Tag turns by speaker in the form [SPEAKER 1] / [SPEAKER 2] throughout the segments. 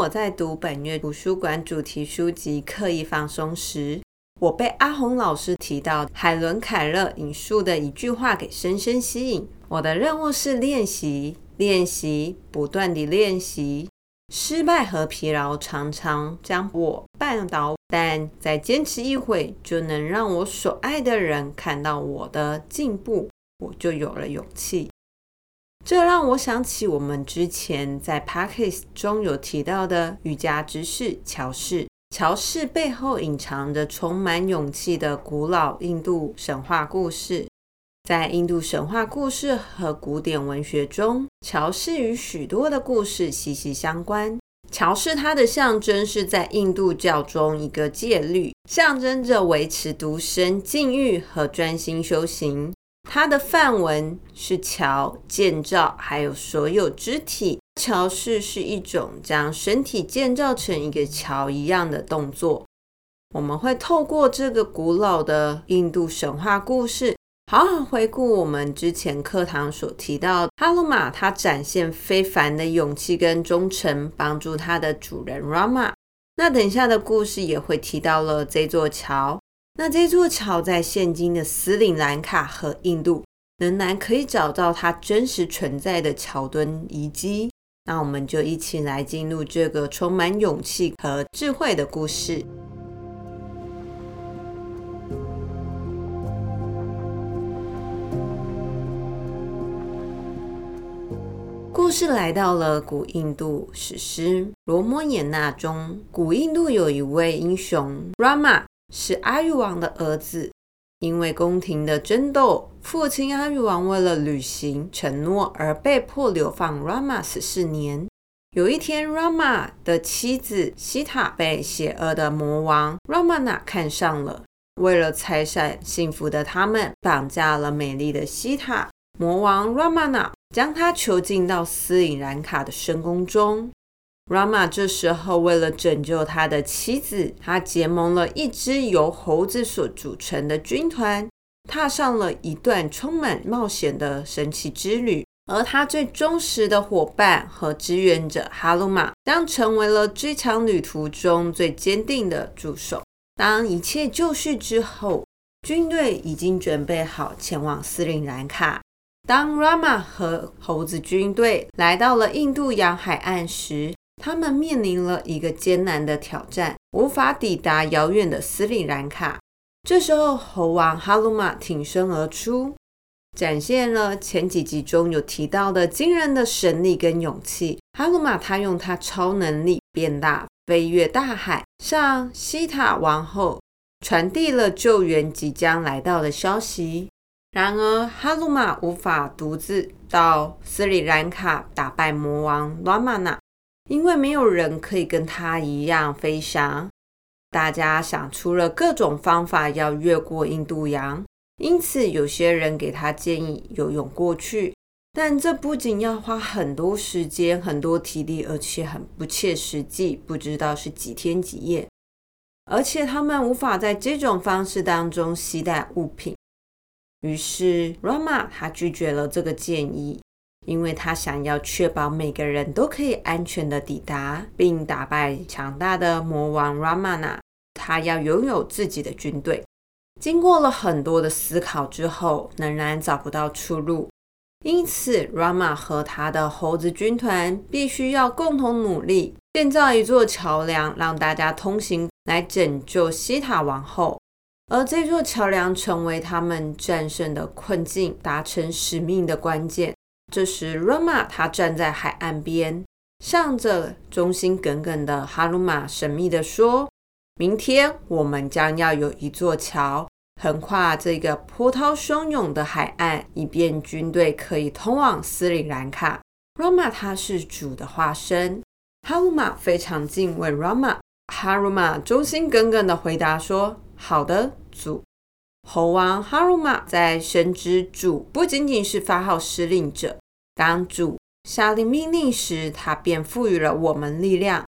[SPEAKER 1] 我在讀本月圖書館主題書籍《刻意放鬆》時，我被阿紅老師提到海倫·凱勒引述的一句話給深深吸引。我的任務是練習，練習，不斷地練習。失敗和疲勞常常將我絆倒，但再堅持一會，就能讓我所愛的人看到我的進步，我就有了勇氣。這讓我想起我們之前在 Podcast 中有提到的瑜伽之士橋式，橋式背後隱藏着充滿勇氣的古老印度神話故事。在印度神話故事和古典文學中，橋式與許多的故事息息相關。橋式它的象徵是在印度教中一個戒律，象徵着維持獨身、禁欲和專心修行。它的梵文是橋建造，還有所有肢體。橋式是一種將身體建造成一個橋一樣的動作。我們會透過這個古老的印度神話故事，好好回顧我們之前課堂所提到的哈魯瑪，他展現非凡的勇氣跟忠誠，幫助他的主人 Rama。那等一下的故事也會提到了這座橋。那這座橋在現今的斯里蘭卡和印度仍然可以找到它真實存在的橋墩遺跡。那我們就一起來進入這個充滿勇氣和智慧的故事。 故事來到了古印度史詩《羅摩衍那》中，古印度有一位英雄 Rama。是阿育王的兒子，因為宮廷的爭鬥，父親阿育王為了履行承諾而被迫流放 Rama 十四年。有一天，Rama 的妻子希塔被邪惡的魔王 Ramana 看上了，為了拆散幸福的他們，綁架了美麗的希塔。魔王 Ramana 將他囚禁到斯里蘭卡的深宮中。Rama 這時候為了拯救他的妻子，他結盟了一支由猴子所組成的軍團，踏上了一段充滿冒險的神奇之旅。而他最忠實的夥伴和支援者哈奴曼，將成為了這場旅途中最堅定的助手。當一切就緒之後，軍隊已經準備好前往斯里蘭卡。當 Rama 和猴子軍隊來到了印度洋海岸時，他們面臨了一個艱難的挑戰，無法抵達遙遠的斯里蘭卡。這時候，猴王哈魯瑪挺身而出，展現了前幾集中有提到的驚人的神力跟勇氣。哈魯瑪他用他超能力變大，飛越大海，向西塔王后傳遞了救援即將來到的消息。然而，哈魯瑪無法獨自到斯里蘭卡打敗魔王拉瑪納。因為沒有人可以跟他一樣飛翔，大家想出了各種方法要越過印度洋。因此，有些人給他建議游泳過去，但這不僅要花很多時間、很多體力，而且很不切實際，不知道是幾天幾夜。而且他們無法在這種方式當中攜帶物品。於是，Rama 他拒絕了這個建議。因為他想要確保每個人都可以安全的抵達，並打敗強大的魔王 Ramana，他要擁有自己的軍隊。經過了很多的思考之後，仍然找不到出路。因此，Rama 和他的猴子軍團必須要共同努力，建造一座橋梁，讓大家通行，來拯救西塔王後。而這座橋梁成為他們戰勝的困境、達成使命的關鍵。這時，Rama 他站在海岸邊，向着忠心耿耿的哈魯瑪神秘地說：“明天我們將要有一座橋橫跨這個波濤洶湧的海岸，以便軍隊可以通往斯里蘭卡。” Rama 他是主的化身，哈魯瑪非常敬畏 Rama。哈魯瑪忠心耿耿地回答說：“好的，主。”猴王哈魯瑪在深知主不僅僅是發號施令者。當主下令命令時，他便賦予了我們力量，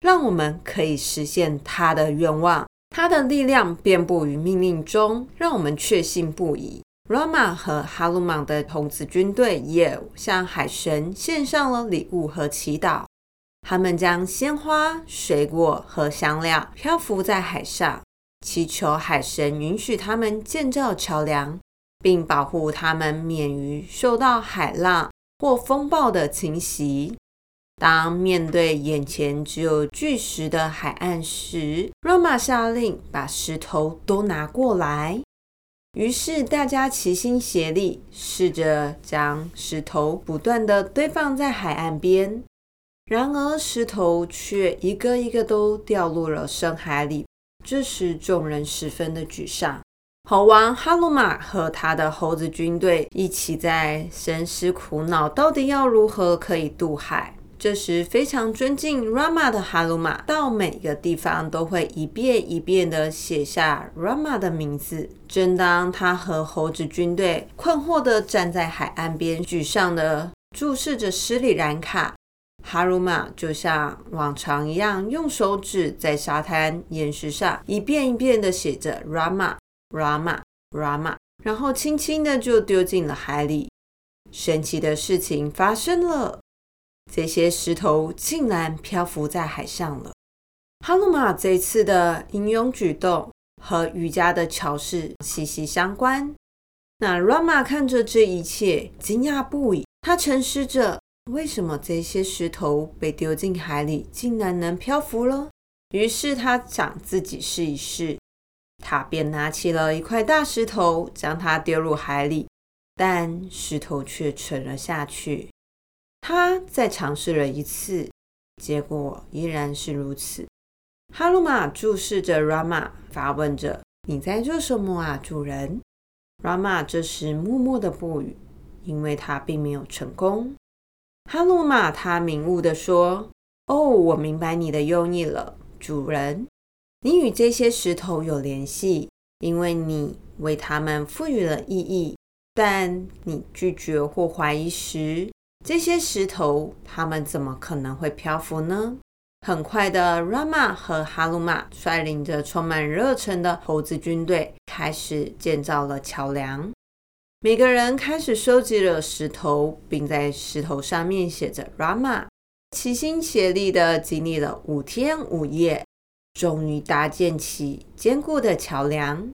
[SPEAKER 1] 讓我們可以實現他的願望。他的力量遍布於命令中，讓我們確信不疑。羅摩和哈魯瑪的童子軍隊也向海神獻上了禮物和祈禱。他們將鮮花、水果和香料漂浮在海上。祈求海神允許他們建造橋樑，並保護他們免於受到海浪或風暴的侵襲。當面對眼前只有巨石的海岸時，羅摩下令把石頭都拿過來。於是大家齊心協力，試着將石頭不斷地堆放在海岸邊。然而，石頭卻一個一個都掉入了深海裡。這時，眾人十分的沮喪。猴王哈魯瑪和他的猴子軍隊一起在深思苦惱，到底要如何可以渡海？這時，非常尊敬 Rama 的哈魯瑪，到每個地方都會一遍一遍的寫下 Rama 的名字。正當他和猴子軍隊困惑的站在海岸邊，沮喪的注視着斯里蘭卡。哈魯瑪就像往常一樣，用手指在沙灘岩石上一遍一遍地寫着 “Rama Rama Rama”，然後輕輕地就丟進了海裡。神奇的事情發生了，這些石頭竟然漂浮在海上了。哈魯瑪這次的英勇舉動和瑜伽的橋式息息相關。那 Rama 看着這一切，驚訝不已。他沉思着。為什麼這些石頭被丟進海裡竟然能漂浮了？於是他想自己試一試。他便拿起了一塊大石頭，將它丟入海裡，但石頭卻沉了下去。他再嘗試了一次，結果依然是如此。哈奴曼注視着 Rama 發問着：“你在做什麼啊，主人？” Rama 這時默默的不語，因為他並沒有成功。哈魯瑪他明悟的說：“哦、oh，我明白你的用意了，主人。你與這些石頭有聯繫，因為你為他們賦予了意義。但你拒絕或懷疑時，這些石頭，他們怎麼可能會漂浮呢？”很快的，拉瑪和哈魯瑪率領着充滿熱忱的猴子軍隊，開始建造了橋樑。每個人開始收集了石頭，並在石頭上面寫着 “Rama”，齊心協力地經歷了五天五夜，終於搭建起堅固的橋樑。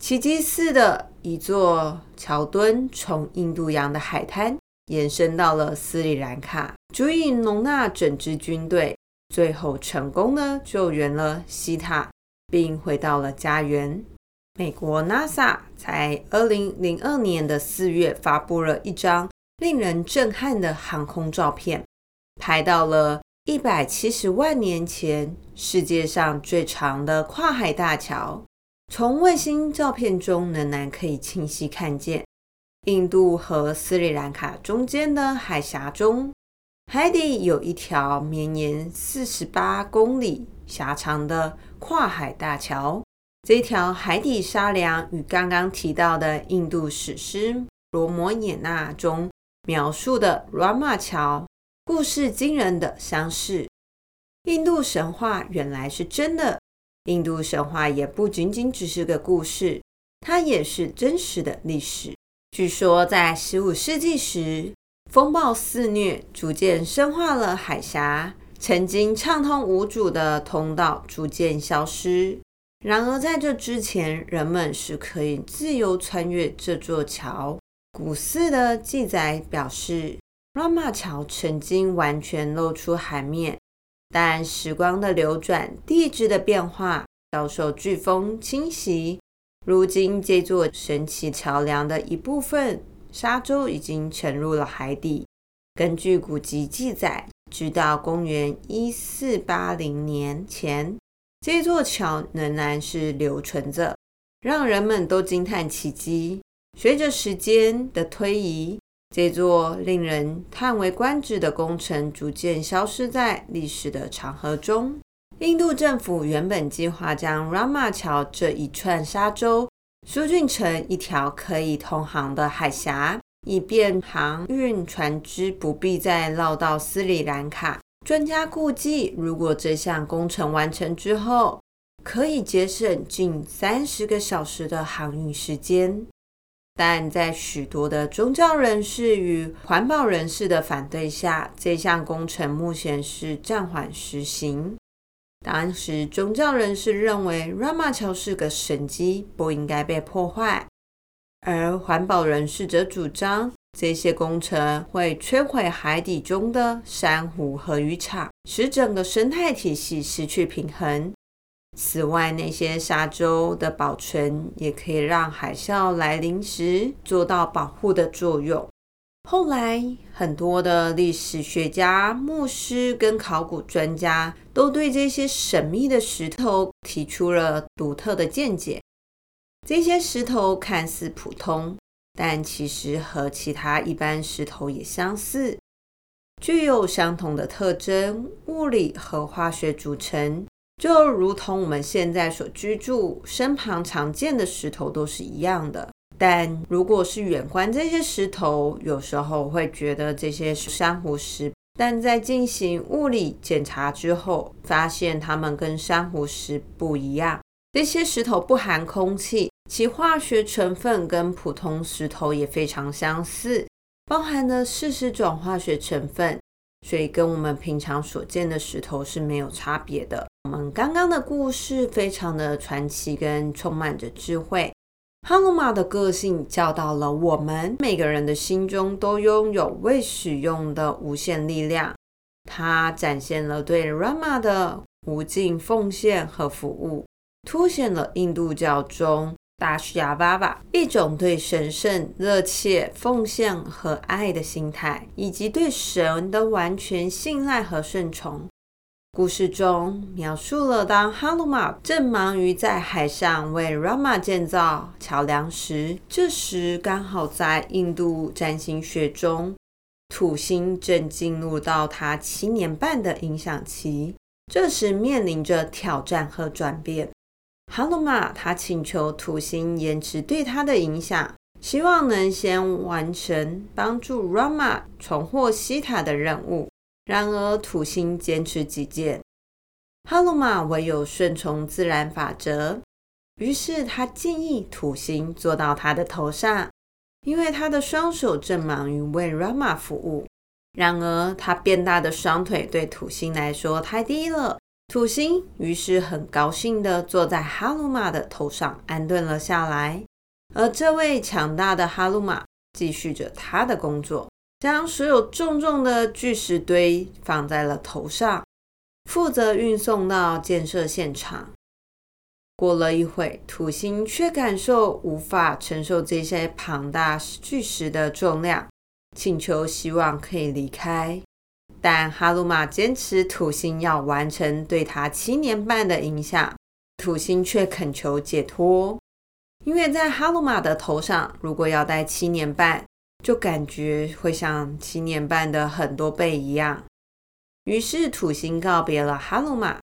[SPEAKER 1] 奇蹟似的，一座橋墩從印度洋的海灘延伸到了斯里蘭卡，足以容納整支軍隊。最後，成功的救援了西塔，並回到了家園。美國 NASA 在二零零二年的四月發布了一張令人震撼的航空照片，拍到了一百七十萬年前世界上最長的跨海大橋。從衛星照片中，仍然可以清晰看見，印度和斯里蘭卡中間的海峽中，海底有一條綿延四十八公里狹長的跨海大橋。這條海底沙梁與剛剛提到的印度史詩《羅摩衍那》中描述的“羅摩橋”故事驚人的相似。印度神話原來是真的。印度神話也不僅僅只是個故事，它也是真實的歷史。據說在十五世紀時，風暴肆虐，逐漸深化了海峽，曾經暢通無阻的通道逐漸消失。然而，在這之前，人們是可以自由穿越這座橋。古寺的記載表示，羅摩橋曾經完全露出海面，但時光的流轉、地質的變化，遭受颶風侵襲，如今這座神奇橋樑的一部分沙洲已經沉入了海底。根據古籍記載，直到公元一四八零年前。這座橋仍然是留存着，讓人們都驚嘆奇蹟。隨着時間的推移，這座令人嘆為觀止的工程逐漸消失在歷史的長河中。印度政府原本計劃將 Rama 橋這一串沙洲疏浚成一條可以通航的海峽，以便航運船隻不必再繞到斯里蘭卡。專家估計，如果這項工程完成之後，可以節省近三十個小時的航運時間。但在許多的宗教人士與環保人士的反對下，這項工程目前是暫緩實行。當時，宗教人士認為羅摩橋是個神跡，不應該被破壞；而環保人士則主張。這些工程會摧毀海底中的珊瑚和漁場，使整個生態體系失去平衡。此外，那些沙洲的保存也可以讓海嘯來臨時做到保護的作用。後來，很多的歷史學家、牧師跟考古專家都對這些神秘的石頭提出了獨特的見解。這些石頭看似普通。但其實和其他一般石頭也相似，具有相同的特徵、物理和化學組成，就如同我們現在所居住身旁常見的石頭都是一樣的。但如果是遠觀這些石頭，有時候會覺得這些是珊瑚石，但在進行物理檢查之後，發現它們跟珊瑚石不一樣。這些石頭不含空氣。其化學成分跟普通石頭也非常相似，包含了四十種化學成分，所以跟我們平常所見的石頭是沒有差別的。我們剛剛的故事非常的傳奇，跟充滿着智慧。哈奴曼的個性教導了我們，每個人的心中都擁有未使用的無限力量。它展現了對 Rama 的無盡奉獻和服務，凸顯了印度教中。達什雅巴巴，一種對神聖熱切奉獻和愛的心態，以及對神的完全信賴和順從。故事中描述了當哈奴曼正忙於在海上為 Rama 建造橋梁時，這時剛好在印度占星學中，土星正進入到他七年半的影響期，這時面臨着挑戰和轉變。哈奴曼他請求土星延遲對他的影響，希望能先完成幫助 Rama 重獲西塔的任務。然而土星堅持己見，哈奴曼唯有順從自然法則。於是他建議土星坐到他的頭上，因為他的雙手正忙於為 Rama 服務。然而他變大的雙腿對土星來說太低了。土星於是很高興地坐在哈魯瑪的頭上安頓了下來，而這位強大的哈魯瑪繼續着他的工作，將所有重重的巨石堆放在了頭上，負責運送到建設現場。過了一會，土星卻感受無法承受這些龐大巨石的重量，請求希望可以離開。但哈奴曼堅持土星要完成對他七年半的影響，土星卻懇求解脫，因為在哈奴曼的頭上，如果要待七年半，就感覺會像七年半的很多倍一樣。於是土星告別了哈奴曼，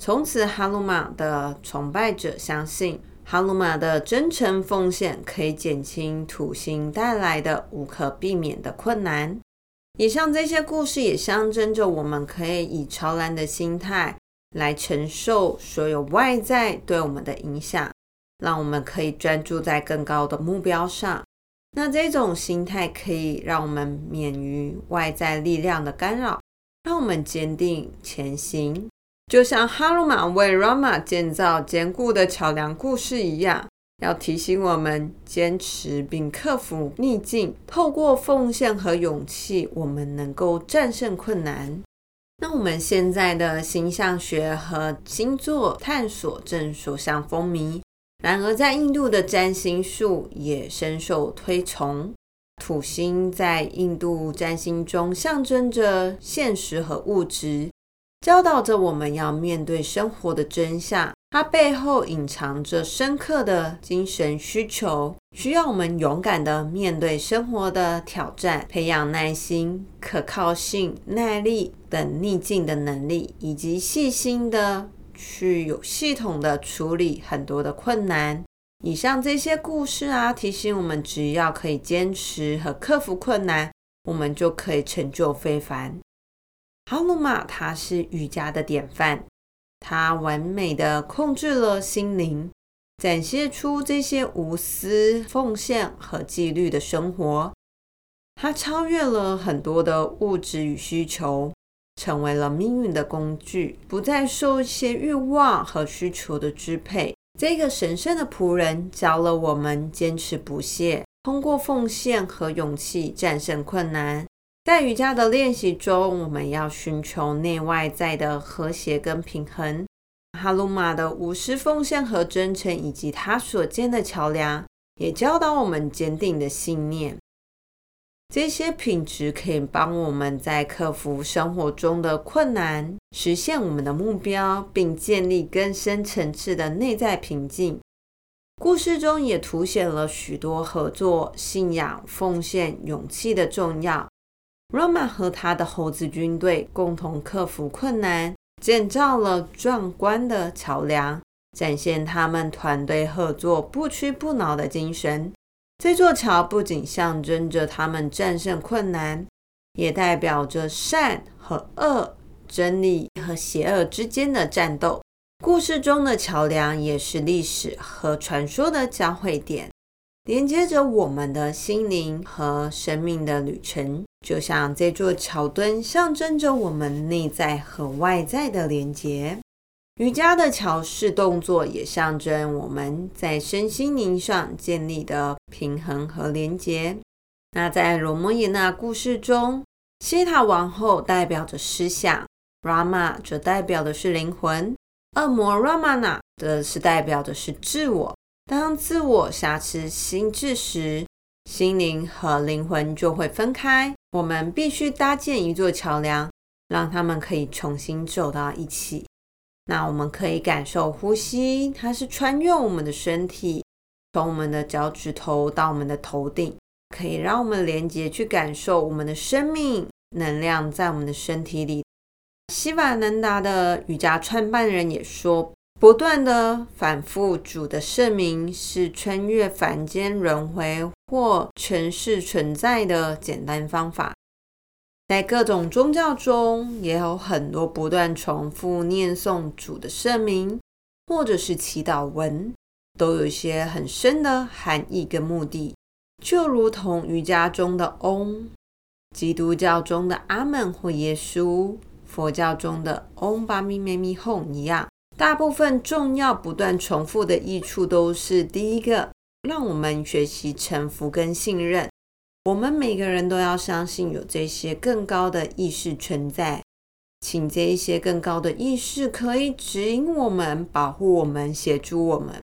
[SPEAKER 1] 從此哈奴曼的崇拜者相信哈奴曼的真誠奉獻可以減輕土星帶來的無可避免的困難。以上這些故事也象徵着，我們可以以超然的心態來承受所有外在對我們的影響，讓我們可以專注在更高的目標上。那這種心態可以讓我們免於外在力量的干擾，讓我們堅定前行。就像哈奴曼為羅摩建造堅固的橋樑故事一樣。要提醒我們堅持並克服逆境，透過奉獻和勇氣，我們能夠戰勝困難。那我們現在的星象學和星座探索正所向風靡，然而在印度的占星術也深受推崇。土星在印度占星中象徵着現實和物質，教導着我們要面對生活的真相。它背後隱藏着深刻的精神需求，需要我們勇敢的面對生活的挑戰，培養耐心、可靠性、耐力等逆境的能力，以及細心的去有系統的處理很多的困難。以上這些故事啊，提醒我們，只要可以堅持和克服困難，我們就可以成就非凡。哈奴曼，他是瑜伽的典範。他完美的控制了心靈，展現出這些無私奉獻和紀律的生活。他超越了很多的物質與需求，成為了命運的工具，不再受一些欲望和需求的支配。這個神聖的僕人教了我們堅持不懈，通過奉獻和勇氣戰勝困難。在瑜伽的練習中，我們要尋求內外在的和諧跟平衡。哈奴曼的無私奉獻和真誠，以及他所建的橋梁，也教導我們堅定的信念。這些品質可以幫我們在克服生活中的困難，實現我們的目標，並建立更深層次的內在平靜。故事中也凸顯了許多合作、信仰、奉獻、勇氣的重要。羅摩和他的猴子軍隊共同克服困難，建造了壯觀的橋梁，展現他們團隊合作、不屈不撓的精神。這座橋不僅象徵着他們戰勝困難，也代表着善和惡、真理和邪惡之間的戰鬥。故事中的橋梁也是歷史和傳說的交匯點。連接着我們的心靈和生命的旅程，就像這座橋墩象徵着我們內在和外在的連接。瑜伽的橋式動作也象徵我們在身心靈上建立的平衡和連接。那在羅摩耶那故事中，西塔王后代表着思想，Rama 則代表的是靈魂，惡魔 Ramana 則是代表的是自我。當自我挾持心智時，心靈和靈魂就會分開。我們必須搭建一座橋樑，讓它們可以重新走到一起。那我們可以感受呼吸，它是穿越我們的身體，從我們的腳趾頭到我們的頭頂，可以讓我們連接，去感受我們的生命能量在我們的身體裡。希瓦南達的瑜伽創辦人也說。不斷的反覆主的聖名，是穿越凡間輪回或塵世存在的簡單方法。在各種宗教中，也有很多不斷重複念誦主的聖名，或者是祈禱文，都有些很深的含義跟目的。就如同瑜伽中的嗡，基督教中的阿門或耶穌，佛教中的嗡巴咪咪咪哄一樣。大部分重要不斷重複的益處都是第一個，讓我們學習臣服跟信任。我們每個人都要相信有這些更高的意識存在，請這一些更高的意識可以指引我們、保護我們、協助我們。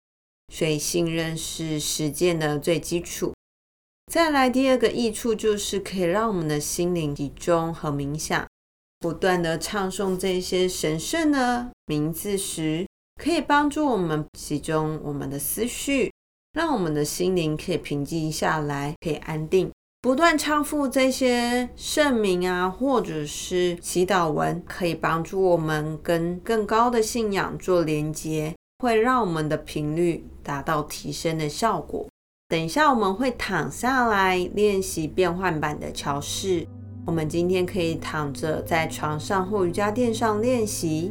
[SPEAKER 1] 所以信任是實踐的最基礎。再來第二個益處就是可以讓我們的心靈集中和冥想。不斷地唱誦這些神聖的名字時，可以幫助我們集中我們的思緒，讓我們的心靈可以平靜下來，可以安定。不斷唱誦這些聖名啊，或者是祈禱文，可以幫助我們跟更高的信仰做連接，會讓我們的頻率達到提升的效果。等一下我們會躺下來練習變換版的橋式。我們今天可以躺着在床上或瑜伽墊上練習。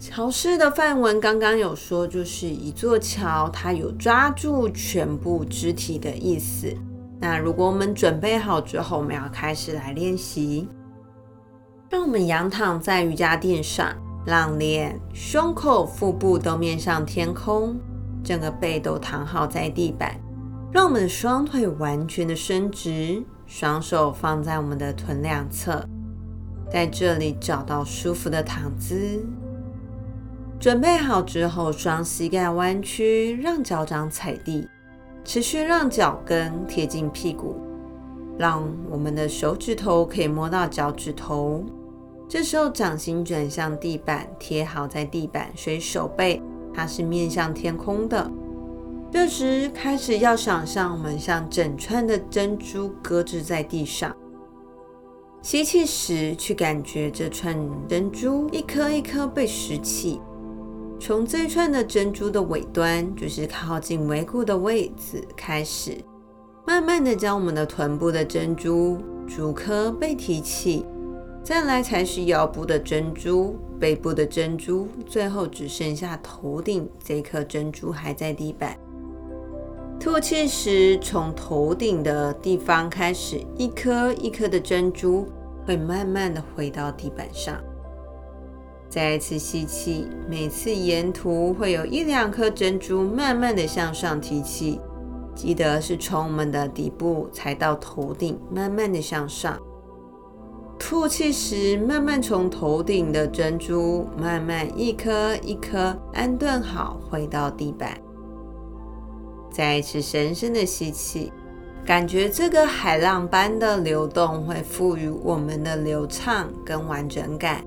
[SPEAKER 1] 橋式的梵文剛剛有說，就是一座橋，它有抓住全部肢體的意思。那如果我們準備好之後，我們要開始來練習。讓我們仰躺在瑜伽墊上，讓臉、胸口、腹部都面向天空，整個背都躺好在地板，讓我們的雙腿完全的伸直。雙手放在我們的臀兩側，在這裡找到舒服的躺姿。準備好之後，雙膝蓋彎曲，讓腳掌踩地，持續讓腳跟貼近屁股，讓我們的手指頭可以摸到腳趾頭。這時候掌心轉向地板，貼好在地板，所以手背它是面向天空的。這時開始，要想象我們像整串的珍珠擱置在地上。吸氣時，去感覺這串珍珠一顆一顆被拾起，從這串的珍珠的尾端，就是靠近尾骨的位置開始，慢慢的將我們的臀部的珍珠逐顆被提起，再來才是腰部的珍珠、背部的珍珠，最後只剩下頭頂這顆珍珠還在地板。吐氣時，從頭頂的地方開始，一顆一顆的珍珠會慢慢的回到地板上。再一次吸氣，每次沿途會有一兩顆珍珠慢慢的向上提起，記得是從我們的底部踩到頭頂，慢慢的向上。吐氣時，慢慢從頭頂的珍珠慢慢一顆一顆安頓好，回到地板。再一次深深的吸氣，感覺這個海浪般的流動會賦予我們的流暢跟完整感，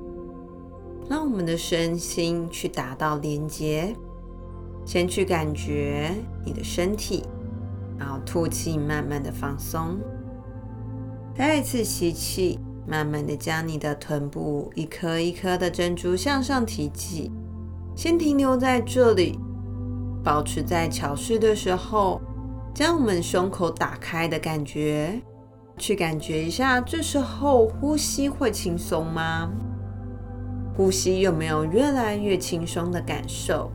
[SPEAKER 1] 讓我們的身心去達到連接，先去感覺你的身體，然後吐氣，慢慢的放鬆。再一次吸氣，慢慢的將你的臀部一顆一顆的珍珠向上提起，先停留在這裡。保持在橋式的時候，將我們胸口打開的感覺，去感覺一下，這時候呼吸會輕鬆嗎？呼吸有沒有越來越輕鬆的感受？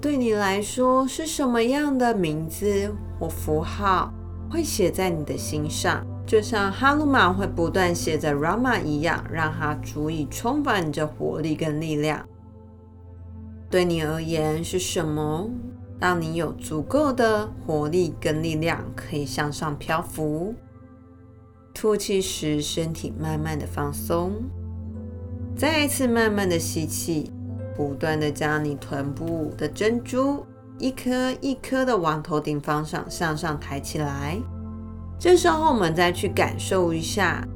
[SPEAKER 1] 對你來說是什麼樣的名字或符號會寫在你的心上？就像哈奴曼會不斷寫着 Rama 一樣，讓它足以充滿着活力跟力量。對你而言，是什麼？讓你有足夠的活力跟力量，可以向上漂浮。吐氣時，身體慢慢的放鬆。再一次慢慢的吸氣，不斷的將你臀部的珍珠一顆一顆的往頭頂方向向上抬起來。這時候，我們再去感受一下，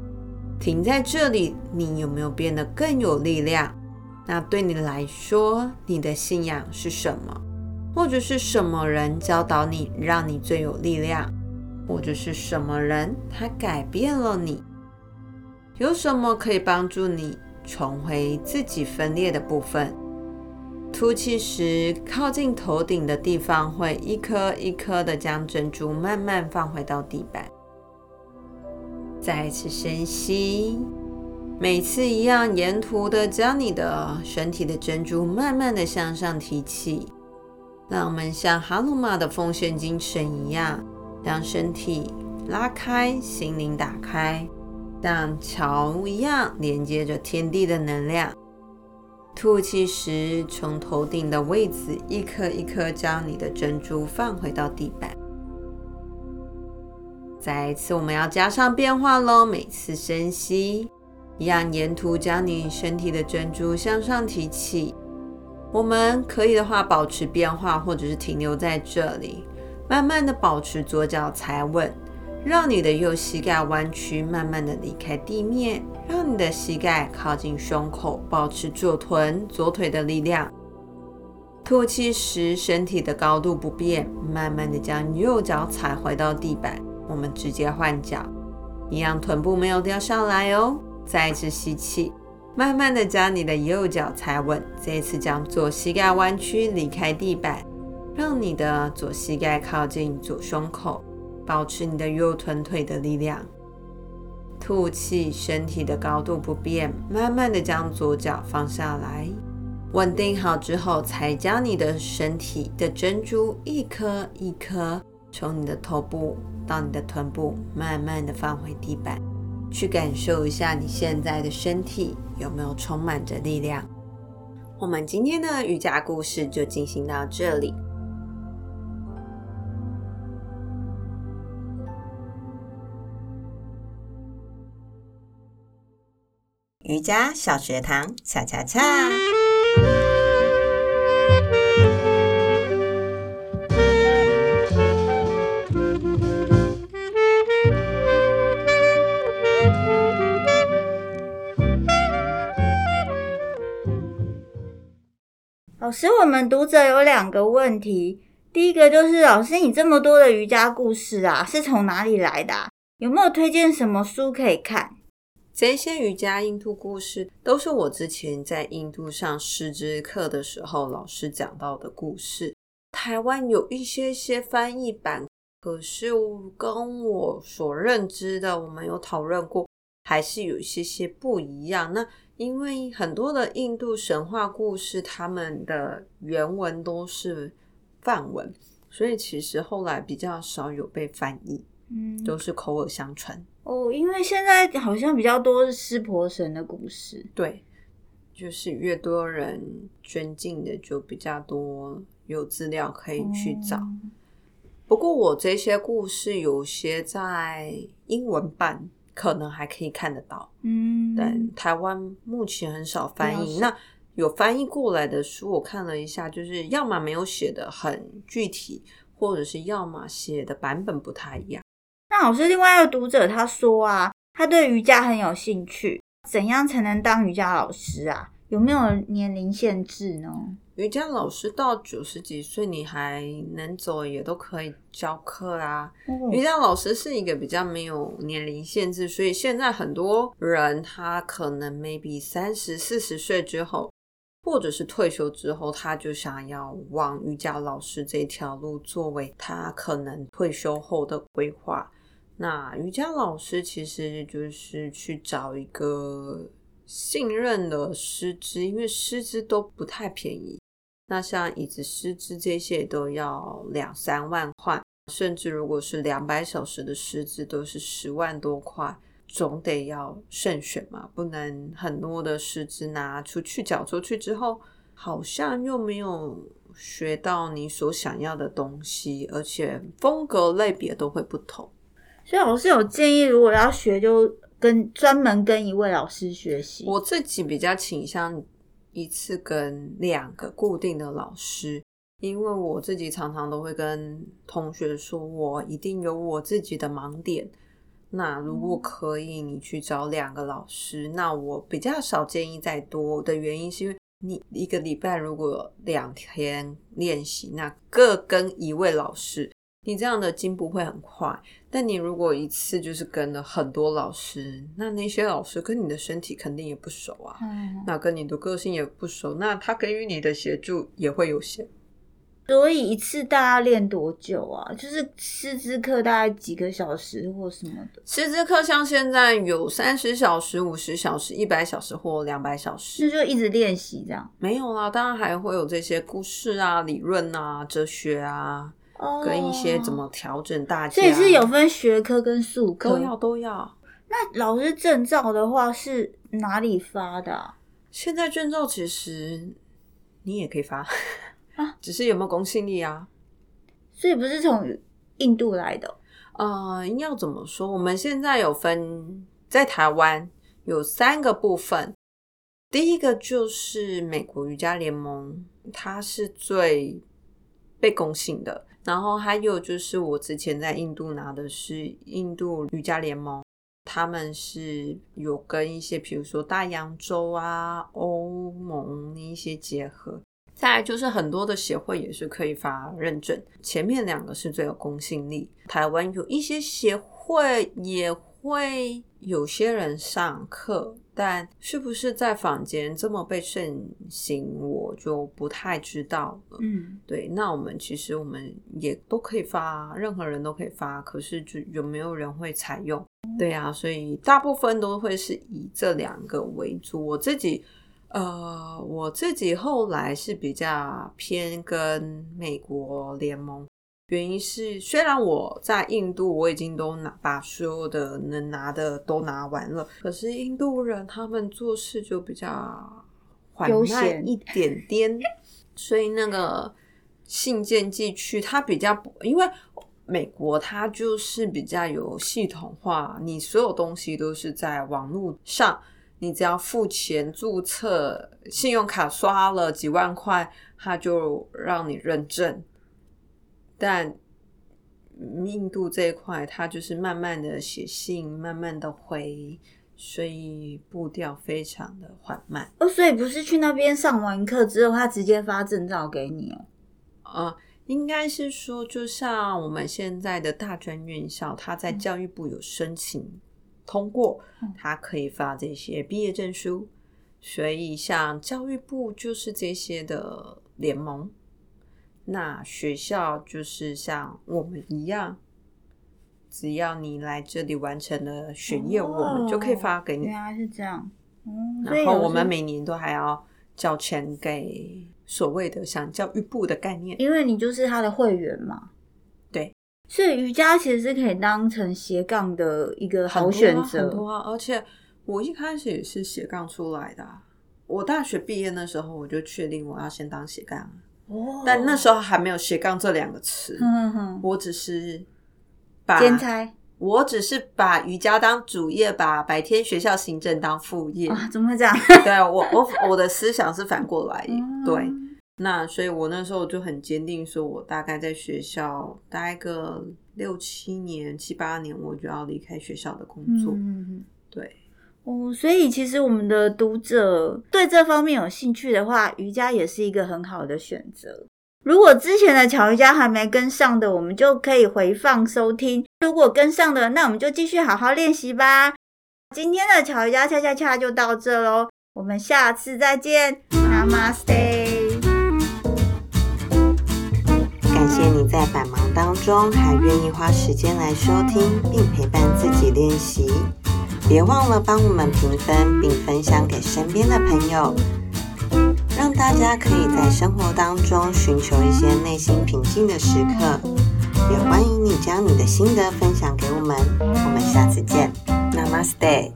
[SPEAKER 1] 停在這裡，你有沒有變得更有力量？那對你來說，你的信仰是什麼？或者是什麼人教導你，讓你最有力量？或者是什麼人，他改變了你？有什麼可以幫助你重回自己分裂的部分？吐氣時，靠近頭頂的地方會一顆一顆的將珍珠慢慢放回到地板。再一次深吸。每次一樣，沿途的將你的身體的珍珠慢慢的向上提起，讓我們像哈奴曼的奉獻精神一樣，當身體拉開，心靈打開，當橋一樣連接着天地的能量。吐氣時，從頭頂的位置一顆一顆將你的珍珠放回到地板。再一次，我們要加上變化嘍，每次深吸。一樣，沿途將你身體的珍珠向上提起。我們可以的話，保持變化，或者是停留在這裡，慢慢的保持左腳踩穩，讓你的右膝蓋彎曲，慢慢的離開地面，讓你的膝蓋靠近胸口，保持左臀、左腿的力量。吐氣時，身體的高度不變，慢慢的將右腳踩回到地板。我們直接換腳，一樣，臀部沒有掉下來哦。再一次吸氣，慢慢的將你的右腳踩穩。這一次將左膝蓋彎曲離開地板，讓你的左膝蓋靠近左胸口，保持你的右臀腿的力量。吐氣，身體的高度不變，慢慢的將左腳放下來。穩定好之後，才將你的身體的珍珠一顆一顆從你的頭部到你的臀部，慢慢的放回地板。去感受一下你現在的身體有沒有充滿着力量。我們今天的瑜伽故事就進行到這裡。瑜伽小學堂，恰恰恰。
[SPEAKER 2] 老師，我們讀者有兩個問題。第一個就是，老師，你這麼多的瑜伽故事啊，是從哪裡來的啊？有沒有推薦什麼書可以
[SPEAKER 1] 看？這些瑜伽印度故事都是我之前在印度上師資課的時候老師講到的故事。台灣有一些些翻譯版，可是跟我所認知的，我們有討論過。還是有一些些不一樣。那因為很多的印度神話故事，他們的原文都是梵文，所以其實後來比較少有被翻譯，嗯，都是口耳相傳。
[SPEAKER 2] 哦，因為現在好
[SPEAKER 1] 像比較多是濕婆神的故事，對，就是越多人尊敬的，就比較多有資料可以去找。哦。不過我這些故事有些在英文版。可能還可以看得到，嗯，但台灣目前很少翻譯，嗯。那有翻譯過來的書，我看了一下，就是要麼沒有寫得很具體，或者是要麼寫
[SPEAKER 2] 的版本不太一樣。那老師，另外一個讀者他說啊，他對瑜伽很有興趣，怎樣才能當瑜伽老師啊？有沒有年齡限制呢？
[SPEAKER 1] 瑜伽老師到九十幾歲，你還能走也都可以教課啦。Oh. 瑜伽老師是一個比較沒有年齡限制，所以現在很多人他可能 maybe 三十四十歲之後，或者是退休之後，他就想要往瑜伽老師這條路作為他可能退休後的規劃。那瑜伽老師其實就是去找一個信任的師資，因為師資都不太便宜。那像椅子師資這些都要兩三萬塊，甚至如果是兩百小時的師資都是十萬多塊，總得要慎選嘛，不能很多的師資拿出去教出去之後，好像又沒有學到你所想要的東西，而且風格類別都會不同。所以我
[SPEAKER 2] 是有建議，如果要學就。
[SPEAKER 1] 跟，專門跟一位老師學習，我自己比較傾向一次跟兩個固定的老師，因為我自己常常都會跟同學說，我一定有我自己的盲點。那如果可以，你去找兩個老師，嗯，那我比較少建議再多的原因是因為你一個禮拜如果有兩天練習，那各跟一位老師。你這樣的進步會很快，但你如果一次就是跟了很多老師，那那些老師跟你的身體肯定也不熟啊，嗯、那跟你的個性也不熟，那他
[SPEAKER 2] 給予你的協助也會有限。所以一次大概練多久啊？就是師資課大概幾個小時或什麼的？
[SPEAKER 1] 師資課像現在有三十小時、五十小時、一百小時或兩百小時，就
[SPEAKER 2] 是就一直練習這
[SPEAKER 1] 樣？沒有啦，當然還會有這些故事啊、理論啊、哲學啊。Oh, 跟一些怎麼調整大家，所以是有
[SPEAKER 2] 分學科跟術科，都要都要。那老師證照的話是哪裡發的啊？現在證照其實你也可以發啊，只是有沒有公信力啊？所以不是從
[SPEAKER 1] 印度來的？嗯。呃，要怎麼說？我們現在有分，在台灣有三個部分，第一個就是美國瑜伽聯盟，它是最被公信的。然後還有就是，我之前在印度拿的是印度瑜伽聯盟，他們是有跟一些，比如說大洋洲啊、歐盟一些結合。再來就是很多的協會也是可以發認證，前面兩個是最有公信力。台灣有一些協會也會有些人上課。但是不是在坊間這麼被盛行，我就不太知道
[SPEAKER 2] 了。嗯，
[SPEAKER 1] 對，那我們其實我們也都可以發，任何人都可以發，可是就有沒有人會採用？嗯、對啊，所以大部分都會是以這兩個為主。我自己，呃，我自己後來是比較偏跟美國聯盟。原因是，雖然我在印度，我已經都拿把所有的能拿的都拿完了，可是印度人他們做事就比較緩慢一點點，所以那個信件寄去，它比較不，因為美國它就是比較有系統化，你所有東西都是在網絡上，你只要付錢註冊，信用卡刷了幾萬塊，他就讓你認證。但印度這一塊，他就是慢慢的寫信，慢慢的回，所以步調非常的緩慢。
[SPEAKER 2] 哦，所以不是去那邊上完課之後，他直接發證照給你哦？呃、應該是說，就像我
[SPEAKER 1] 們現在的大專院校，他在教育部有申請通過，他、嗯、可以發這些畢業證書。所以，像教育部就是這些的聯盟。那學校就是像我們一樣，只要你來這裡完成了學業，我們就可以發給你。對啊，
[SPEAKER 2] 是這樣，然後我們每
[SPEAKER 1] 年都還要交錢給
[SPEAKER 2] 所謂的像教育部的概念，因為你就是他的會員嘛。對，所以瑜伽其實是可以當成斜槓的一個好選擇，很多啊。啊，而且
[SPEAKER 1] 我一開始也是斜槓出來的，我大學畢業那時候我就確定我要先當斜槓。但那時候還沒有“斜槓”這兩個詞，我只是把，我只是把瑜伽當主業，把白天學校行政當副業。哦、怎麼會這樣？對，我，我我的思想是反過來，嗯、對。那所以，我那時候就很堅定，說我大概在學校待個六七年、七八年，我就要離開學校的工作。嗯、哼哼對。
[SPEAKER 2] 哦，所以其實我們的讀者對這方面有興趣的話，瑜伽也是一個很好的選擇。如果之前的巧瑜伽還沒跟上的，我們就可以回放收聽；如果跟上的，那我們就繼續好好練習吧。今天的巧瑜伽恰恰恰就到這嘍，我們下次再見，Namaste。感謝你在百忙當中
[SPEAKER 1] 還願意花時間來收聽並陪伴自己練習。別忘了幫我們評分，並分享給身邊的朋友，讓大家可以在生活當中尋求一些內心平靜的時刻。也歡迎你將你的心得分享給我們。我們下次見，Namaste。